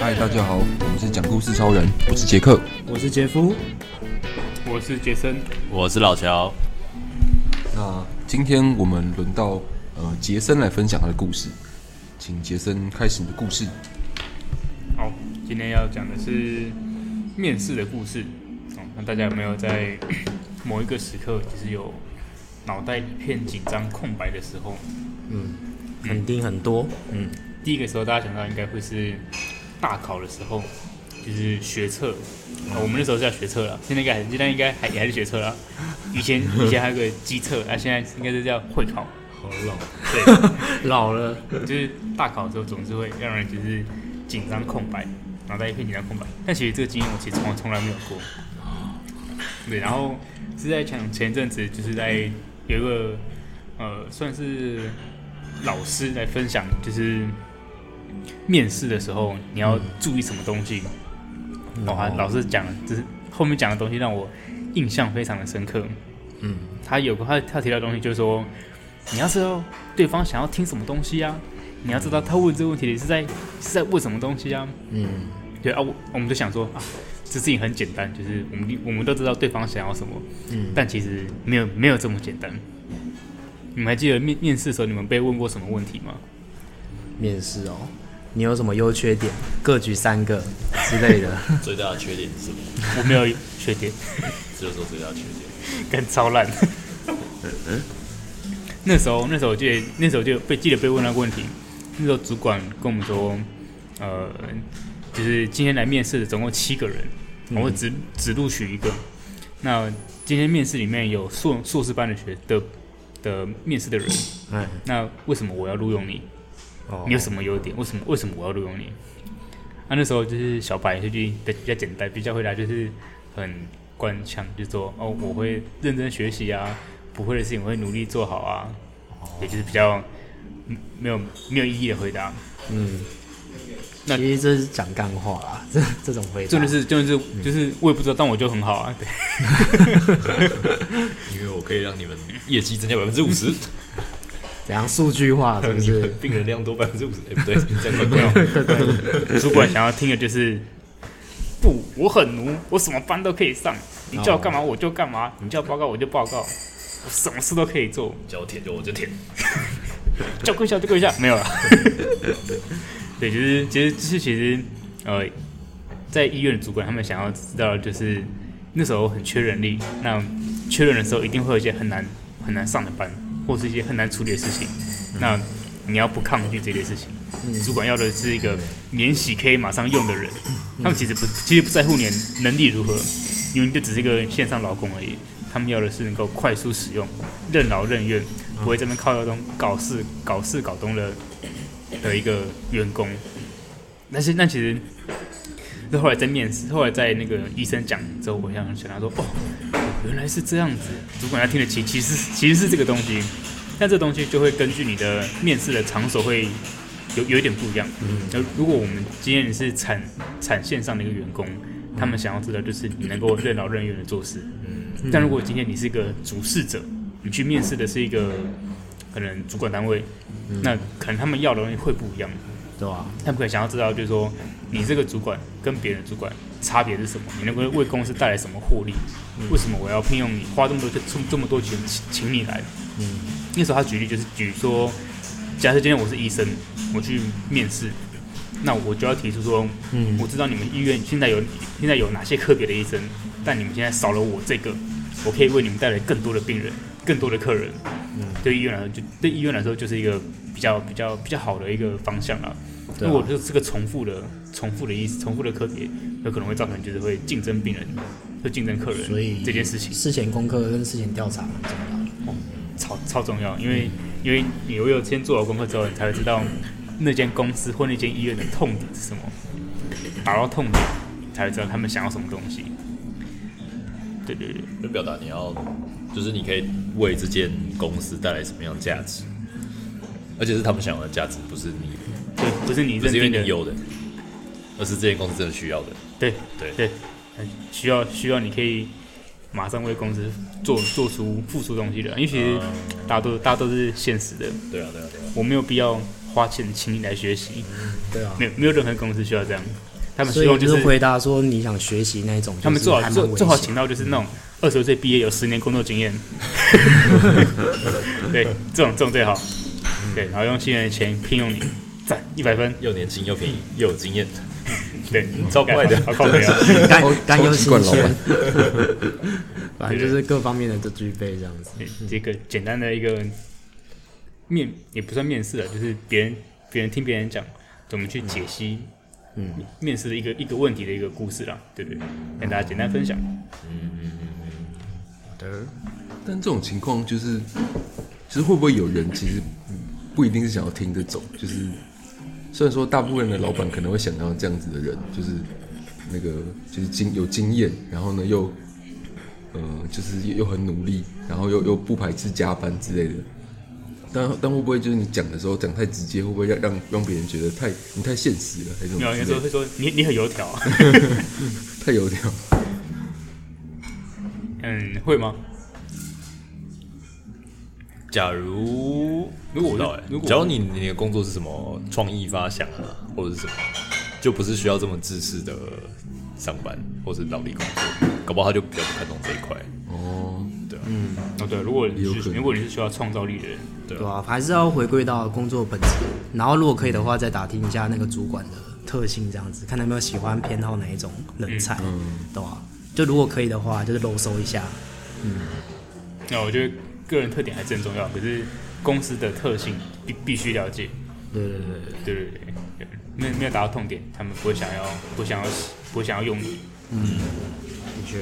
嗨，大家好，我們是講故四超人，我是傑克，我是傑夫，我是傑森，我是老喬。那今天我們輪到呃傑森來分享他的故事，請傑森開始你的故事。好，今天要講的是面試的故事。那、哦、大家有沒有在 某一個時刻其實有？腦袋一片緊張空白的時候嗯，嗯，肯定很多，嗯，第一個時候大家想到應該會是大考的時候，就是學測、嗯哦，我們那時候是要學測了，現在應該現在應該還也還是學測了，以前以前還有個機測，啊，現在應該是叫會考，好老，對，老了，就是大考的時候總是會讓人就是緊張空白，腦袋一片緊張空白，但其實這個經驗我其實從從來來沒有過，對，然後是在講前一陣子就是在。有一個呃、算是老師來分享，就是面試的時候你要注意什麼東西。我、嗯、還老師講的，就是後面講的東西讓我印象非常的深刻。嗯，他有個他他提到的東西就是說，你要知道對方想要聽什麼東西啊，你要知道他問這個問題是在是在問什麼東西啊。嗯，對啊，我我們就想說啊。這事情很簡單，就是我們我們都知道對方想要什麼，嗯，但其實沒有沒有這麼簡單。嗯，你們還記得面面試的時候你們被問過什麼問題嗎？面試哦，你有什麼優缺點？各舉三個之類的。最大的缺點是什麼？我沒有缺點。只有說最大的缺點跟 超爛。 嗯，那時候那時候我記得那時候就被記得被問那個問題，那時候主管跟我們說，呃。就是今天來面試的總共七個人，我、嗯、會只只錄取一個。那今天面試裡面有碩碩士班的學的的面試的人、哎，那為什麼我要錄用你、哦？你有什麼優點？為什麼為什麼我要錄用你？啊，那時候就是小白就，就是比較簡單，比較回答就是很官腔，就是、說哦，我會認真學習啊，不會的事情我會努力做好啊，哦、也就是比較沒有沒有意義的回答，嗯。其實這是講幹話啊，這這種會真的是就是就是我也不知道，嗯、但我就很好啊， 因為我可以讓你們業績增加百分之五十，怎樣數據化是不是？ 病人量多百分之五十，不對，你樣不要。 我主管想要聽的就是，不，我很奴，我什麼班都可以上，你叫我幹嘛我就幹嘛，你叫我報告我就報告，我什麼事都可以做，叫我舔就我就舔。叫 跪下就跪下， 沒有了。 對，就是其實這些其實，呃，在醫院的主管他們想要知道，就是那時候很缺人力，那缺人的時候一定會有一些很難很難上的班，或是一些很難處理的事情。那你要不抗拒這些事情，主管要的是一個免洗可以馬上用的人。他們其實不其實不在乎你能力如何，因為就只是一個線上勞工而已。他們要的是能夠快速使用、任勞任怨，不會真的靠東搞事、搞事搞東了。的一個員工，但是那其實，那後來在面試，後來在那個醫生講之後，我想起來，他說：“哦，原來是這樣子，主管他聽得清，其實其實是這個東西。那這個東西就會根據你的面試的場所會有有一點不一樣。嗯，那如果我們今天是產產線上的一個員工，嗯，他們想要知道就是你能夠任勞任怨的做事。嗯，但如果今天你是一個主事者，你去面試的是一個。”可能主管單位、嗯，那可能他們要的東西會不一樣，對、嗯、吧？他們可能想要知道，就是說你這個主管跟別人主管差別是什麼？你能夠為公司帶來什麼獲利？嗯、為什麼我要聘用你，花這麼多出這麼多錢請請你來？嗯，那時候他舉例就是，舉說，假設今天我是醫生，我去面試，那我就要提出說，嗯，我知道你們醫院現在有現在有哪些特別的醫生，但你們現在少了我這個，我可以為你們帶來更多的病人。更多的客人，嗯，對醫院來說，就對醫院來說，就是一個比較比較比較好的一個方向了、啊。如果就是這個重複的、重複的意思、重複的科別，有可能會造成就是會競爭病人，嗯、會競爭客人，所以這件事情，事前功課跟事前調查很重要，哦，超超重要，因為、嗯、因為你唯有先做好功課之後，你才會知道那間公司或那間醫院的痛點是什麼。打到痛點，你才知道他們想要什麼東西。對對對，就表達你要。就是你可以為這間公司帶來什麼樣的價值，而且是他們想要的價值，不是你。對，不是你認，不是因為你有的，而是這間公司真的需要的。對對對，需要需要，你可以馬上為公司做做出付出東西的，因為其實大家都、呃、大家都是現實的。對啊對啊對啊，我沒有必要花錢請你來學習。對啊，沒有沒有任何公司需要這樣，他們希望、就是、就是回答說你想學習那種，他們最好最最好請到就是那種。嗯二十畢業，有十年工作經驗。 對，這種這種最好，嗯。對，然後用新人的錢聘用你，讚一百分。又年輕又便宜又有經驗的，， 嗯、的，對，招快點，好快點，干乾又新鮮。 反正就是各方面的都具備這樣子，對對對，嗯。這個簡單的一個面也不算面試了，就是別人別人聽別人講怎麼去解析，嗯，面試的一個一個問題的一個故事啦，對不對，對？跟大家簡單分享。嗯嗯。嗯但這種情況就是，其實會不會有人其實不一定是想要聽這種，就是雖然說大部分的老板可能會想要這樣子的人，就是那個就是經有經驗，然後呢又呃就是又很努力，然後又又不排斥加班之類的。但但會不會就是你講的時候講太直接，會不會讓讓讓別人覺得太你太現實了？那種別人會說你你很油條， 太油條。嗯，會嗎？假如、欸、如果我知道，哎，假如你你的工作是什麼創意發想啊，或者是什麼，就不是需要這麼自私的上班或者勞力工作，搞不好他就比較不看重這一塊。哦，對，嗯，哦，對，如果你是如果你是需要創造力的人，對吧，啊？還是要回歸到工作本質。然後如果可以的話，再打聽一下那個主管的特性，這樣子，看他有沒有喜歡偏好哪一種人才，嗯，對吧，啊？就如果可以的話，就是囉嗦一下。嗯，那我覺得個人特點還真重要，可是公司的特性必必須了解。對對對對對，對對，沒有沒有達到痛點，他們不會想要不想要不想要用你。嗯，的確。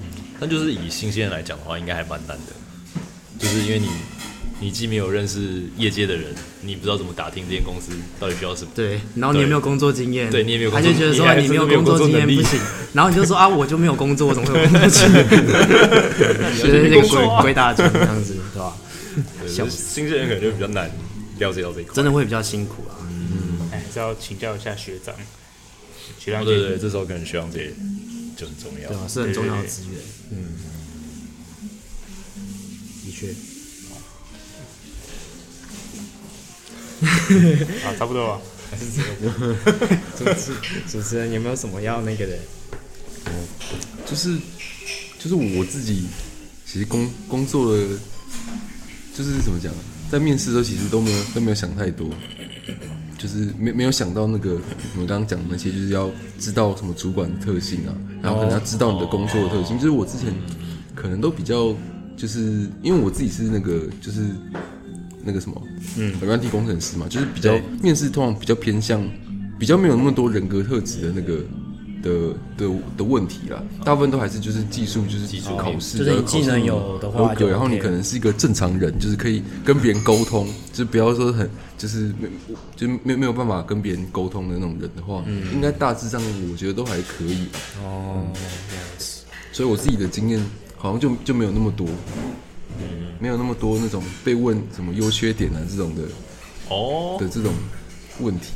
嗯，但就是以新鮮人來講的話，應該還蠻難的，就是因為你。你既沒有認識業界的人，你不知道怎麼打聽這間公司到底需要什麼。對，然後你也沒有工作經驗。對，對，對你也沒有工作經驗，他就覺得說，你沒有工作經驗不行。然後你就說啊，我就沒有工作，我怎麼會有工作經驗就 是那個鬼鬼打牆這樣子，對吧？啊？對新鮮人可能就比較難了 解到這一塊，真的會比較辛苦啊。嗯，哎，欸，是要請教一下學長。學長，啊，對，對對，這時候跟學長姐就很重要，對吧？是很重要的資源。嗯，的確。 啊，差不多吧，還是這個。主持人有沒有什麼要那個的？嗯，就是，就是我自己，其實工工作的，就是怎麼講，在面試的時候其實都沒有都沒有想太多，就是沒沒有想到那個我們剛剛講的那些，就是要知道什麼主管的特性啊，然後可能要知道你的工作的特性。Oh. 就是我之前可能都比較，就是因為我自己是那個就是。那個什麼，嗯，軟件工程師嘛，就是比較面試通常比較偏向比較沒有那麼多人格特質的那個對對對的的的，的問題啦。大部分都還是就是技術，就是技術考試，的、就是、你技能有的話 OK, 然後你可能是一個正常人，就、OK 就是可以跟別人溝通，就是不要說很就是沒就沒沒有辦法跟別人溝通的那種人的話，嗯、應該大致上我覺得都還可以、嗯、哦，這樣子，所以我自己的經驗好像就就沒有那麼多。嗯、沒有那麼多那種被問什麼優缺點啊這種的哦的這種問題，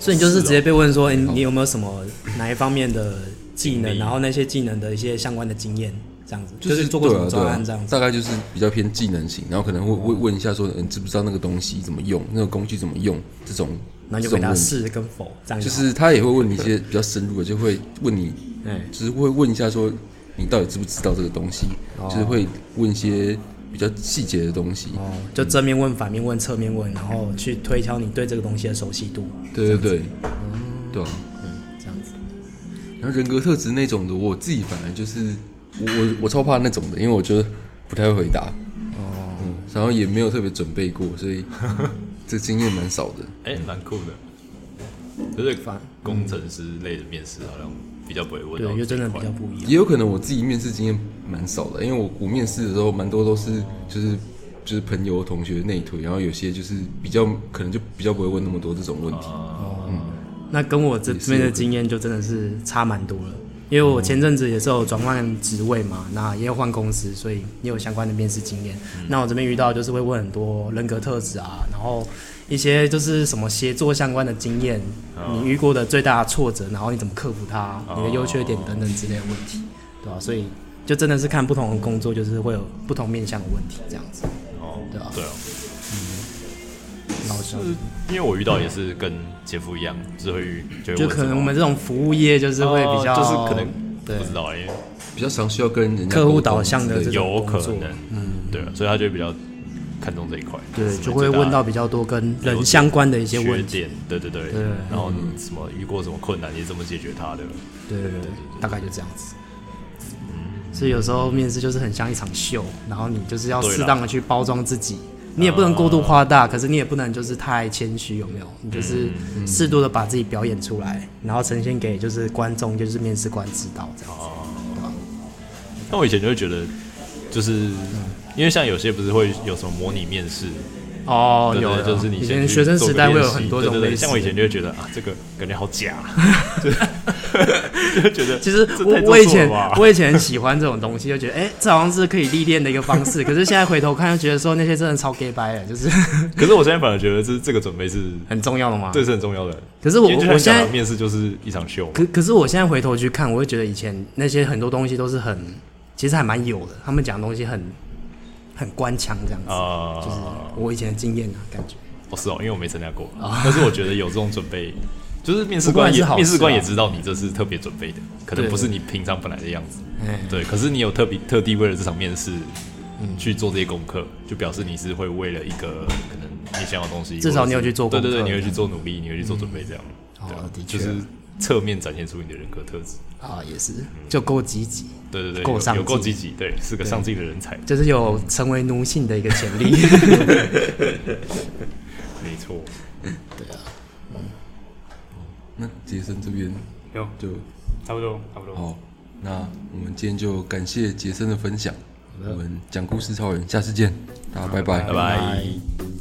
所以你就是直接被問說，哎、哦欸，你有沒有什麼哪一方面的技能， 然後那些技能的一些相關的經驗這樣子，就是，就是做過什麼專案這樣子對啊、對啊，大概就是比較偏技能型，然後可能會問問一下說，嗯，你知不知道那個東西怎麼用，那個工具怎麼用這種，然後就跟他試跟否這種問題樣，就是他也會問你一些比較深入的，就會問你，嗯，就是會問一下說，你到底知不知道這個東西，嗯，就是會問一些。嗯比較細節的東西哦，就正面問、反面問、側面問，然後去推敲你對這個東西的熟悉度。對對對，嗯、對、啊嗯，這樣子。然後人格特質那種的，我自己本來就是我我，我超怕那種的，因為我覺得不太會回答。哦，嗯、然後也沒有特別準備過，所以 這經驗蠻少的。哎、欸，蠻酷的，就是反工程師類的面試好像比較不會問，對，因為真的比較不一樣。也有可能我自己面試經驗。蠻少的，因為我我面試的時候，蠻多都是就是就是朋友、同學內推，然後有些就是比較可能就比較不會問那麼多這種問題。哦、uh, 嗯，那跟我這邊的經驗就真的是差蠻多了。因為我前陣子也是有轉換職位嘛，uh -huh. 那也有換公司，所以也有相關的面試經驗。Uh -huh. 那我這邊遇到就是會問很多人格特質啊，然後一些就是什麼協作相關的經驗，uh -huh. 你遇過的最大的挫折，然後你怎麼克服它，uh -huh. 你的優缺點等等之類的問題，uh -huh. 對吧、啊？所以。就真的是看不同的工作，就是會有不同面向的問題，這樣子。哦，對啊，對啊，嗯，好像是，因為我遇到也是跟姐夫一樣，只、啊、會，就，會就可能我們這種服務業就是會比較，呃、就是可能對不知道、欸，因為比較常需要跟人客戶導向的有可能，嗯，對啊，所以他就會比較看重這一塊，對是是，就會問到比較多跟人相關的一些問題，對對對，對，然後你什麼、嗯、遇過什麼困難，你怎麼解決他的，對對對，對對對，大概就這樣子。所以有時候面試就是很像一場秀，然後你就是要適當的去包裝自己，你也不能過度誇大，呃，可是你也不能就是太謙虛，有沒有？你就是適度的把自己表演出來，嗯、然後呈現給就是觀眾，就是面試官知道這樣子，對吧？那、呃、我以前就會覺得，就是、嗯、因為像有些不是會有什麼模擬面試。哦、oh,，有的、就是、以前學生時代會有很多種類型，對對對，像我以前就會覺得 啊，這個感覺好假， 就, 就覺得其實我我以前我以前很喜歡這種東西，就覺得哎、欸，這好像是可以歷練的一個方式。 可是現在回頭看，就覺得說，那些真的超 gay 掰哎，就是。 可是我現在反而覺得這這個準備是很重要的嗎？對，是很重要的。可是我我現在面試就是一場秀。可可是我現在回頭去看，我會覺得以前那些很多東西都是很，其實還蠻有的，他們講的東西很。很官腔這樣子，oh, oh, oh, oh, oh. 就是我以前的經驗啊，感覺。不、oh, 是哦，因為我沒參加過，但是我覺得有這種準備，oh. 就是面試官也、啊、面試官也知道你這是特別準備的，可能不是你平常本來的樣子，對，對，對，對。可是你有特別特地為了這場面試、嗯嗯，去做這些功課，就表示你是會為了一個可能你想要的東西，至少你有去做功課，對對對，你會去做努力，嗯、你會去做準備，這樣，好對、啊，其、就是。側面展現出你的人格特質啊，也是就夠積極，對對對，夠上進，有夠積極，對，是個上進的人才，就是有成為奴性的一個潛力。嗯、 沒錯，對啊。嗯、那杰森這邊就差不多差不多。好，那我們今天就感謝杰森的分享。我們講故四超人，下次見，大家拜拜，拜拜。拜拜。